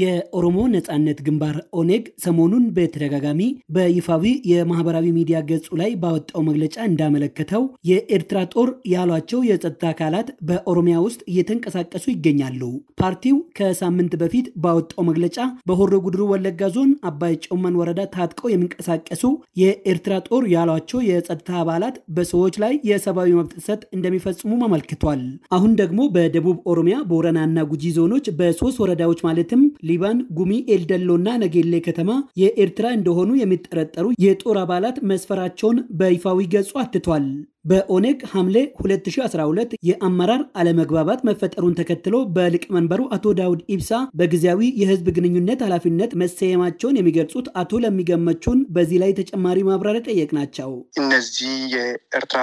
የኦሮሞ ነጻነት ግንባር ኦኔግ ሰሞኑን በተደጋጋሚ በይፋዊ የማህበራዊ ሚዲያ ገጹ ላይ ባወጣው መግለጫ እንዳመለከተው የኤርትራ ጦር ያሏቸው የጸጥታ አካላት በኦሮሚያ ውስጥ እየተንቀሳቀሱ ይገኛሉ። ፓርቲው ከሳምንት በፊት ባወጣው መግለጫ በሆሮ ጉድሩ ወለጋ ዞን አባይ ጮመን ወረዳ ታጥቀው የሚንቀሳቀሱ የኤርትራ ጦር ያሏቸው የጸጥታ አባላት በሰዎች ላይ የሰብአዊ መብት ጥሰት እንደሚፈጽሙ አመልክቷል። አሁን ደግሞ በደቡብ ኦሮሚያ ቦረናና ጉጂ ዞኖች በሶስት ወረዳዎች ማለትም ሊባን ጉሚ ኤልደሎና ነጌሌ ከተማ የኤርትራ እንደሆኑ የሚጠረጠሩ የጦር አባላት መስፈራቸውን በይፋዊ ገጹ አትቷል። በኦኔግ ሐምሌ 2012 የአመራር አለመግባባት መፈጠሩን ተከትሎ በሊቀ መንበሩ አቶ ዳውድ ኢብሳ በጊዜያዊ የህዝብ ግንኙነት ኃላፊነት መሰየማቸውን የሚገልጹት አቶ ለሚገመቹን በዚህ ላይ ተጨማሪ ማብራሪያ ጠየቅናቸው። እነዚህ የኤርትራ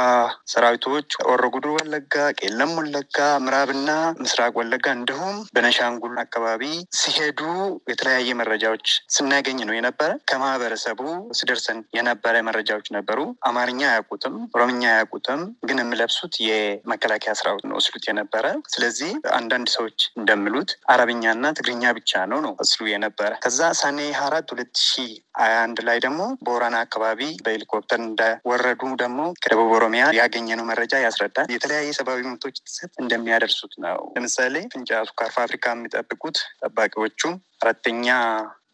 ሰራዊቶች ሆሮ ወለጋ፣ ቄለም ወለጋ፣ ምዕራብና ምስራቅ ወለጋ እንዲሁም በነሻንጉል አካባቢ ሲሄዱ የተለያየ መረጃዎች ስናገኝ ነው የነበረ። ከማህበረሰቡ ስደርሰን የነበረ መረጃዎች ነበሩ። አማርኛ አያውቁትም፣ ኦሮምኛ አያውቁ አያውቁትም፣ ግን የምለብሱት የመከላከያ ሰራዊት ነው ስሉት የነበረ። ስለዚህ አንዳንድ ሰዎች እንደምሉት አረብኛና ትግርኛ ብቻ ነው ነው ስሉ የነበረ። ከዛ ሰኔ አራት ሁለት ሺ ሀያ አንድ ላይ ደግሞ ቦረና አካባቢ በሄሊኮፕተር እንደወረዱ ደግሞ ከደቡብ ኦሮሚያ ያገኘነው መረጃ ያስረዳል። የተለያየ ሰብአዊ መብቶች ጥሰት እንደሚያደርሱት ነው። ለምሳሌ ፍንጫ ስኳር ፋብሪካ የሚጠብቁት ጠባቂዎቹ አራተኛ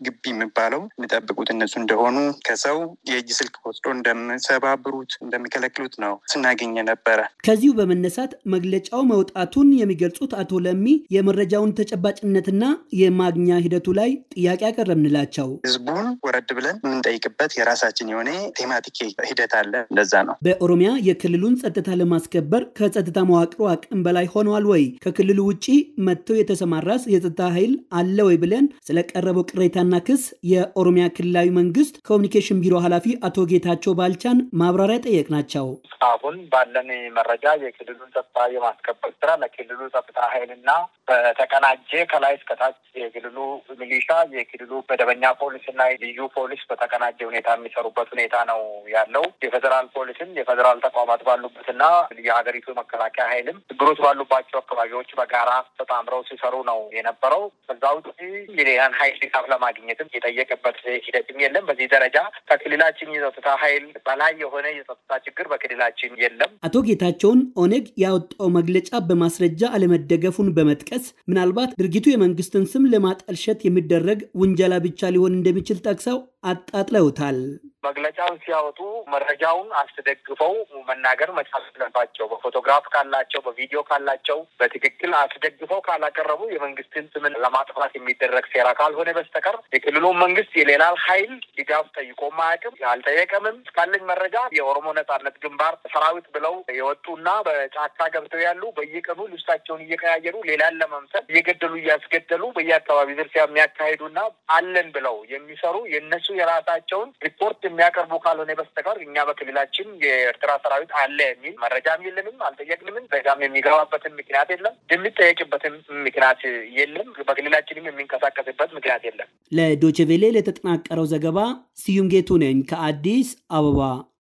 ግቢ የሚባለው የሚጠብቁት እነሱ እንደሆኑ ከሰው የእጅ ስልክ ወስዶ እንደሚሰባብሩት እንደሚከለክሉት ነው ስናገኘ ነበረ። ከዚሁ በመነሳት መግለጫው መውጣቱን የሚገልጹት አቶ ለሚ የመረጃውን ተጨባጭነትና የማግኛ ሂደቱ ላይ ጥያቄ ያቀረብንላቸው ህዝቡን ወረድ ብለን የምንጠይቅበት የራሳችን የሆነ ቴማቲክ ሂደት አለ። እንደዛ ነው። በኦሮሚያ የክልሉን ጸጥታ ለማስከበር ከጸጥታ መዋቅሩ አቅም በላይ ሆኗል ወይ፣ ከክልሉ ውጭ መጥተው የተሰማራስ የጸጥታ ኃይል አለ ወይ ብለን ስለቀረበው ቅሬታ ቁጣና ክስ የኦሮሚያ ክልላዊ መንግስት ኮሚኒኬሽን ቢሮ ኃላፊ አቶ ጌታቸው ባልቻን ማብራሪያ ጠየቅናቸው። አሁን ባለን መረጃ የክልሉን ጸጥታ የማስከበር ስራ ለክልሉ ጸጥታ ኃይልና በተቀናጀ ከላይ እስከታች የክልሉ ሚሊሻ፣ የክልሉ መደበኛ ፖሊስና ልዩ ፖሊስ በተቀናጀ ሁኔታ የሚሰሩበት ሁኔታ ነው ያለው። የፌዴራል ፖሊስም የፌዴራል ተቋማት ባሉበትና የሀገሪቱ መከላከያ ኃይልም ችግሮች ባሉባቸው አካባቢዎች በጋራ ተጣምረው ሲሰሩ ነው የነበረው። ከዛ ውጭ የሌላን ኃይል ድጋፍ ለማግኘት ለማግኘትም የጠየቅበት ሂደትም የለም። በዚህ ደረጃ ከክልላችን የጸጥታ ኃይል በላይ የሆነ የጸጥታ ችግር በክልላችን የለም። አቶ ጌታቸውን ኦነግ ያወጣው መግለጫ በማስረጃ አለመደገፉን በመጥቀስ ምናልባት ድርጊቱ የመንግስትን ስም ለማጠልሸት የሚደረግ ውንጀላ ብቻ ሊሆን እንደሚችል ጠቅሰው አጣጥለውታል። መግለጫውን ሲያወጡ መረጃውን አስደግፈው መናገር መቻል አለባቸው። በፎቶግራፍ ካላቸው፣ በቪዲዮ ካላቸው በትክክል አስደግፈው ካላቀረቡ የመንግስትን ስምን ለማጥፋት የሚደረግ ሴራ ካልሆነ በስተቀር የክልሉ መንግስት የሌላ ኃይል ድጋፍ ጠይቆም አያውቅም፣ አልጠየቀምም። እስካለኝ መረጃ የኦሮሞ ነጻነት ግንባር ሰራዊት ብለው የወጡና በጫካ ገብተው ያሉ በየቀኑ ልብሳቸውን እየቀያየሩ ሌላን ለመምሰል እየገደሉ እያስገደሉ በየአካባቢ ዝርፊያ የሚያካሂዱና አለን ብለው የሚሰሩ የእነሱ የራሳቸውን ሪፖርት የሚያቀርቡ ካልሆነ በስተቀር እኛ በክልላችን የኤርትራ ሰራዊት አለ የሚል መረጃም የለንም፣ አልጠየቅንምን። በጋም የሚገባበትን ምክንያት የለም፣ የሚጠየቅበትን ምክንያት የለም፣ በክልላችንም የሚንቀሳቀስበት ምክንያት የለም። ለዶችቬሌ ለተጠናቀረው ዘገባ ስዩም ጌቱ ነኝ ከአዲስ አበባ።